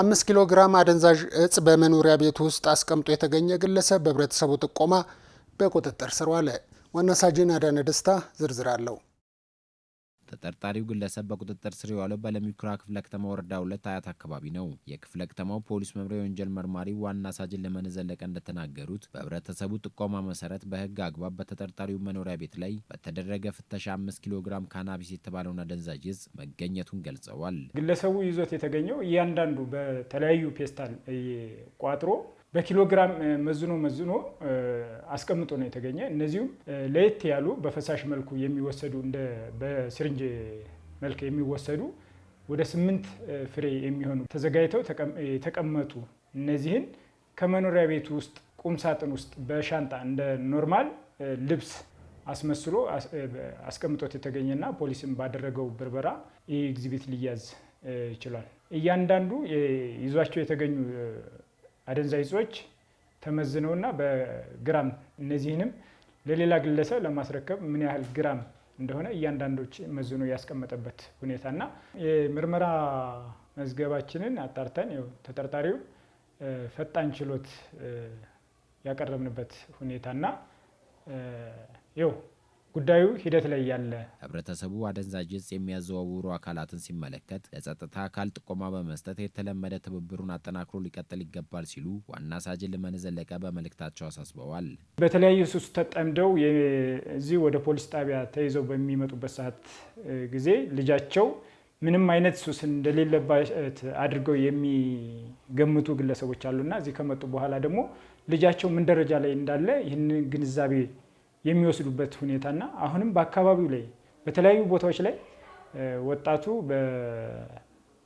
አምስት ኪሎ ግራም አደንዛዥ እጽ በመኖሪያ ቤት ውስጥ አስቀምጦ የተገኘ ግለሰብ በህብረተሰቡ ጥቆማ በቁጥጥር ስር ዋለ። ዋና ሳጅን አዳነ ደስታ ዝርዝር አለው። ተጠርጣሪው ግለሰብ በቁጥጥር ስር የዋለው በለሚኩራ ክፍለ ከተማ ወረዳ ሁለት አያት አካባቢ ነው። የክፍለ ከተማው ፖሊስ መምሪያ የወንጀል መርማሪ ዋና ሳጅን ለመነ ዘለቀ እንደተናገሩት በህብረተሰቡ ጥቆማ መሰረት በህግ አግባብ በተጠርጣሪው መኖሪያ ቤት ላይ በተደረገ ፍተሻ አምስት ኪሎ ግራም ካናቢስ የተባለውን አደንዛዥ እጽ መገኘቱን ገልጸዋል። ግለሰቡ ይዞት የተገኘው እያንዳንዱ በተለያዩ ፔስታል ቋጥሮ በኪሎግራም መዝኖ መዝኖ አስቀምጦ ነው የተገኘ። እነዚሁም ለየት ያሉ በፈሳሽ መልኩ የሚወሰዱ እንደ በስርንጅ መልክ የሚወሰዱ ወደ ስምንት ፍሬ የሚሆኑ ተዘጋጅተው የተቀመጡ እነዚህን ከመኖሪያ ቤቱ ውስጥ ቁም ሳጥን ውስጥ በሻንጣ እንደ ኖርማል ልብስ አስመስሎ አስቀምጦት የተገኘና ፖሊስም ባደረገው ብርበራ ይህ ኤግዚቢት ሊያዝ ችሏል። እያንዳንዱ ይዟቸው የተገኙ አደንዛዥ እጾች ተመዝነውና በግራም እነዚህንም ለሌላ ግለሰብ ለማስረከብ ምን ያህል ግራም እንደሆነ እያንዳንዶች መዝኖ ያስቀመጠበት ሁኔታና የምርመራ መዝገባችንን አጣርተን ተጠርጣሪው ፈጣን ችሎት ያቀረብንበት ሁኔታና ይኸው ጉዳዩ ሂደት ላይ ያለ ህብረተሰቡ አደንዛዥ ዕፅ የሚያዘዋውሩ አካላትን ሲመለከት ለጸጥታ አካል ጥቆማ በመስጠት የተለመደ ትብብሩን አጠናክሮ ሊቀጥል ይገባል ሲሉ ዋና ሳጅን ልመን ዘለቀ በመልእክታቸው አሳስበዋል። በተለያዩ ሱስ ተጠምደው እዚህ ወደ ፖሊስ ጣቢያ ተይዘው በሚመጡበት ሰዓት ጊዜ ልጃቸው ምንም አይነት ሱስ እንደሌለባት አድርገው የሚገምቱ ግለሰቦች አሉና እዚህ ከመጡ በኋላ ደግሞ ልጃቸው ምን ደረጃ ላይ እንዳለ ይህንን ግንዛቤ የሚወስዱበት ሁኔታና አሁንም በአካባቢው ላይ በተለያዩ ቦታዎች ላይ ወጣቱ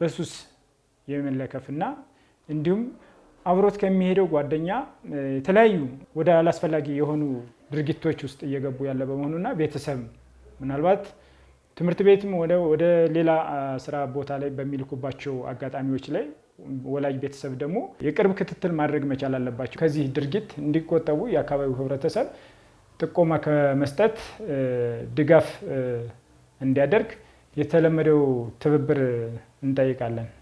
በሱስ የመለከፍና እንዲሁም አብሮት ከሚሄደው ጓደኛ የተለያዩ ወደ አላስፈላጊ የሆኑ ድርጊቶች ውስጥ እየገቡ ያለ በመሆኑና ቤተሰብ ምናልባት ትምህርት ቤትም ወደ ሌላ ስራ ቦታ ላይ በሚልኩባቸው አጋጣሚዎች ላይ ወላጅ ቤተሰብ ደግሞ የቅርብ ክትትል ማድረግ መቻል አለባቸው። ከዚህ ድርጊት እንዲቆጠቡ የአካባቢው ህብረተሰብ ጥቆማ ከመስጠት ድጋፍ እንዲያደርግ የተለመደው ትብብር እንጠይቃለን